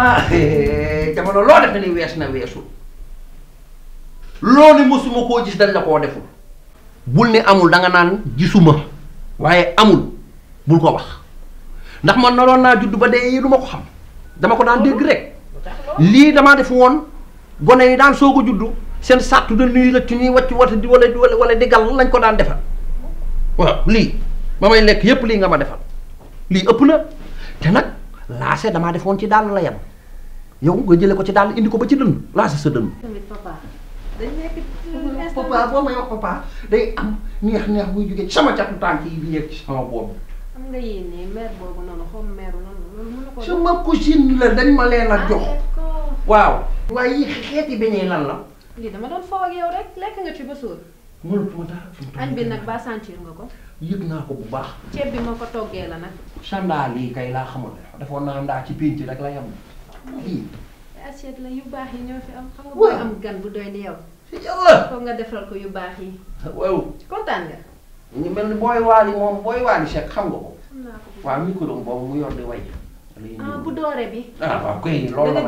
ma jamono eh, loo defe ni wees na weesu loolu mosuma koo gis dañ la koo deful bul ne amul da nga naan gisuma waaye amul bul ko wax ndax man naroon naa judd ba dee du ma ko xam dama ko daan dégg rek lii damaa def woon gone yi daan soog a juddu seen sàttu da la ci ñuy wacc di wala wala di lañ ko daan defal waaw lii ba may lekk yépp nga ma defal lii ëpp na te nag laase damaa defoon ci dàll la yam yow nga jëlee ko ci daal indi ko ba ci dënd laajte sa dënd. tamit papa dañ nekk papa boo may wax papa day am neex neex buy jógee sama catu tànk yi bi nekk ci sama boobu. boobu noonu xom mère noonu loolu ko. sama cousine la dañ ma leen a ah, jox. waaw. waaye yi xeeti beñee lan la. lii dama doon foo ak yow rek lekk nga ci ba suur. mënatuma dara. añ bi nag nga ko. naa ko bu baax. ceeb bi ma ko toggee la nag. sandaal yi kay laa xamul defoon naa ndaa ci pénc rek la yem. lii. la yu baax yi ñoo fi am. xam nga boo am gan bu doy ni yow. yàlla foog nga defal ko yu baax yi. waaw kontaan nga. ñu mel ni booy waali moom booy waali Cheikh xam nga ko. waaw micro boobu mu yor di way. ah bu doore bi. ah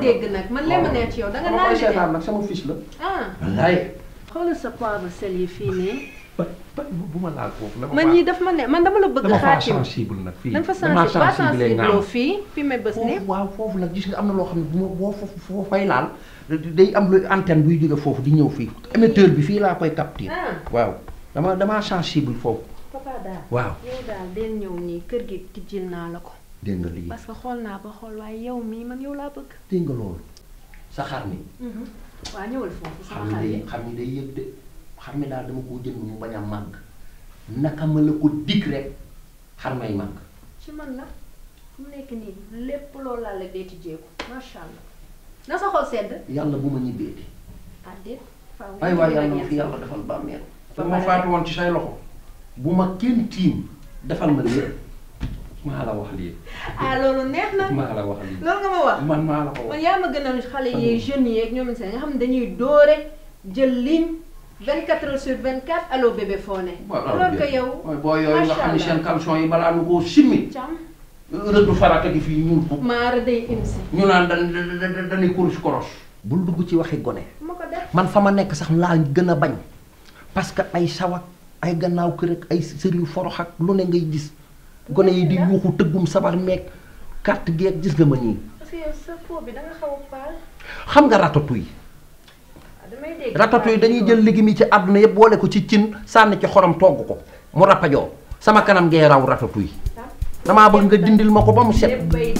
dégg nag man lee ma ne ci yow da nga naan nag sama fiche la. ah wallaay. xoolal sa poivre sel yi fii nii. ba ba bu ma laal foofu. dama man ñii daf ma ne man dama la bëgg. xaatim dama sensible nag fii dama sensible nag fii fi may bës ne. waaw foofu nag gis nga am na loo xam ne bu ma boo foofu fay laal day am lu antenne buy jóge foofu di ñëw fii émetteur bi fii laa koy capter. Ah. waaw dama damaa sensible foofu. papa waaw yow daal den ñëw nii kër gi tijjil naa la ko. dégg nga lii parce xool naa ba xool waaye yow mii man yow laa bëgg. dégg nga loolu sa xar mi. Mhm. waaw ñëwal foofu sa xar mi xam ni day yëg de. xam mi daal dama koo jënd mu bañ a màgg naka ma la ko dig rek xar may màgg. ci man la mu nekk nii lépp loolu laa la deeti jéego macha allah na sa xol sedd. yàlla bu ma ñibbeeti. ah déet faaw ma fi yàlla defal bàmmeel. ba ma faatu woon ci say bu ma kenn tiim defal ma lépp. maa la wax lii. ah loolu neex na. maa la wax lii loolu nga ma wax. man maa la ko wax man yaa ma gënal xale yeeg jeunes yeeg ñoom seen nga xam ne dañuy doore jël ligne. 24 heures sur 24 allo bébé Fone. loolu que yow. macha allah boo yooyu nga xam ne seen caleçon yi balaa ñu koo simmi. rëdd farata gi fii ñuul ko. maar day imsi. ñu naan dañ dañ dañuy koros koros. bul dugg ci waxi gone. man fa ma nekk sax laa gën a bañ. parce que ay sawak ay gannaaw kër ak ay sër yu forox ak lu ne ngay gis. gone yi di yuuxu tëggum sabar meeg carte geeg gis nga ma nii. parce nga xaw a xam nga ratatouille. yi dañuy jël légumes yi ci àdduna yëpp boole ko ci cin sànni ci xorom togg ko mu rapajoo sama kanam ngay raw ratatouille damaa bëgg nga dindil ma ko ba mu set. lépp bay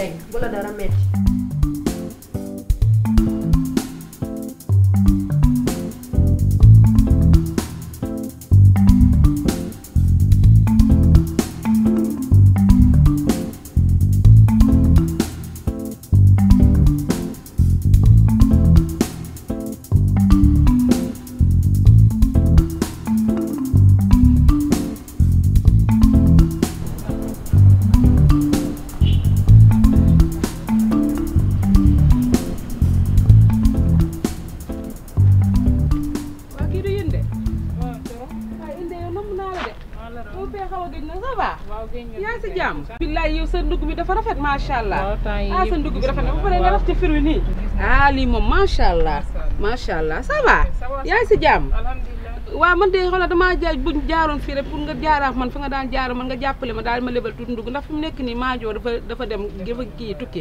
yaa ngi si jàmm billaay yow sa ndugg dafa rafet macha allah ah sa ndugg bi rafet na ba pare nga def ci fir wi ah lii moom macha allah macha allah ça yaa si jàmm waaw man de xoolal damaa jaay buñ jaaroon fii rek pour nga jaaraaf man fa nga daan jaara man nga jàppale ma daal ma lebal tuuti ndugg ndax fi mu nekk nii maajoo dafa dafa dem dafa kii tukki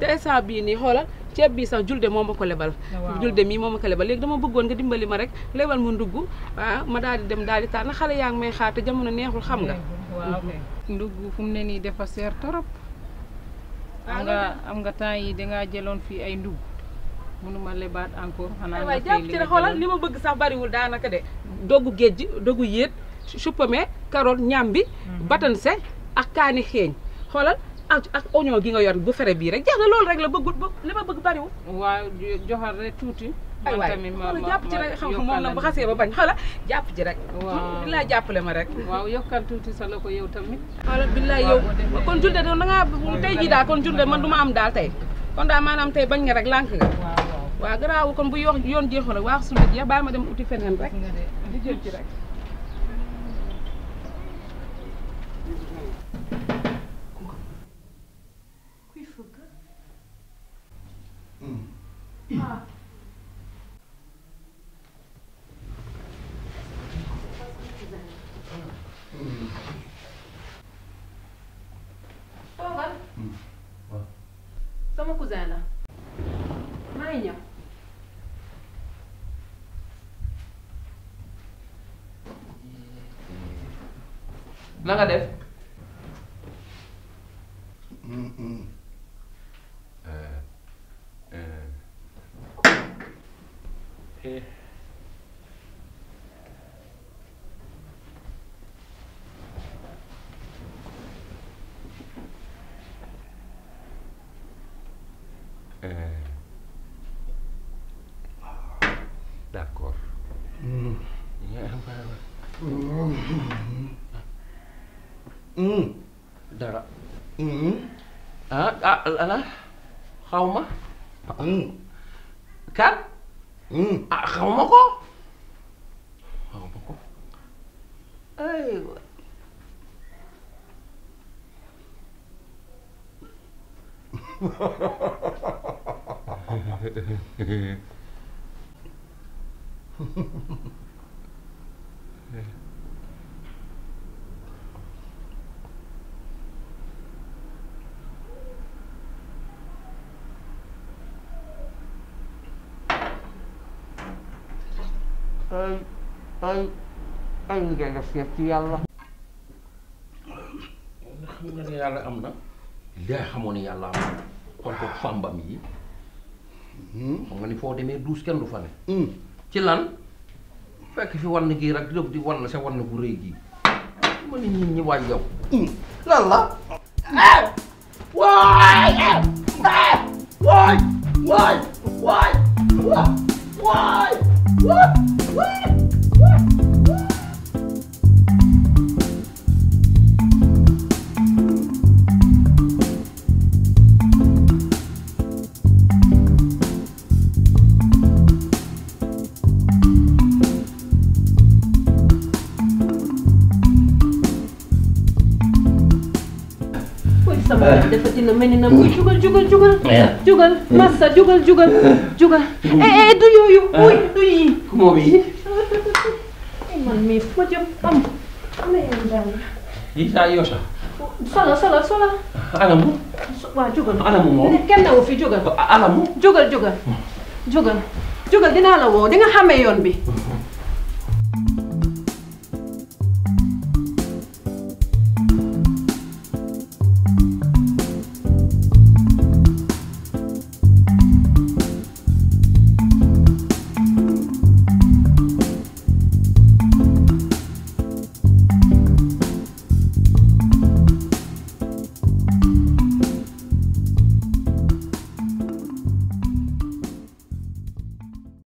te instant bii nii xoolal ceeb bii sax julde moo ma ko lebal julde mii moo ma ko lebal léegi dama bëggoon nga dimbali ma rek lebal mu ndugg ah ma daal di dem daal di taal na xale yaa ngi may xaar te jamono neexul xam nga ndugg fu mu ne nii dafa seer torop ah, am nga am nga temps yi dangaa jëloon fii ay ndugg mënuma lebaat encore xanaa nga jàpp li ma bëgg sax bariwul daanaka de doggu géej gi doggu yéet chou-pommé carotte ñambi mhm. batanse ak kaani xeeñ xoolal ak ak oignon gi nga yor bu fere bii rek jeex na loolu rek la bëggul ba li bëgg bariwul waaw joxal rek tuuti ay waay xoolal jàpp ci rek xam nga moom nag bu xasee ba bañ xoolal jàpp ci rek hmm, billaay jàppale ma rek waaw yokkal tuuti sa ko yow tamit xoolal billaay yow kon julde da ngaa tey jii daal kon julde man duma am daal tey kon daal maanaam tey bañ nga rek lànk nga waaw garaawu kon bu yoon jeexoon rek waaw suñu jeex bàyyi ma dem uti feneen rek gidiyor direkt. Qui fuga? Mm. Ah. Povar? Mm. Sono cusena. Magno. Nanga Dev. Mm -mm. Uh, uh. Hey. D'accord. Mm. Yeah, well. mm. dara ah ah ala xaw ma kan ah xaw ma ko xaw ma ko aywa Yeah. ei, ei, ei nga def yëpp ci yàlla. xam nga ne yàlla am na. daa xamoon ne yàlla am na. kon ko fambam yi. xam nga ni foo demee duus kenn du fa ne. ci lan fekk fi wann gii rek lépp di wann sa wann bu rëy gii. ma ni ñi ñi waaj yow. lan la. waay waay waay waay waay waay waay. What? fëti na mel ni na muy jugal jugal jugal jugal massa jugal jugal jugal eh mm. eh. Eh, eh, eh du yooyu uy du yi moom yi man mii fu ma jëm am am na yenn jàng yi saa yoo sax solo solo la woo di nga xamee yoon bi mm.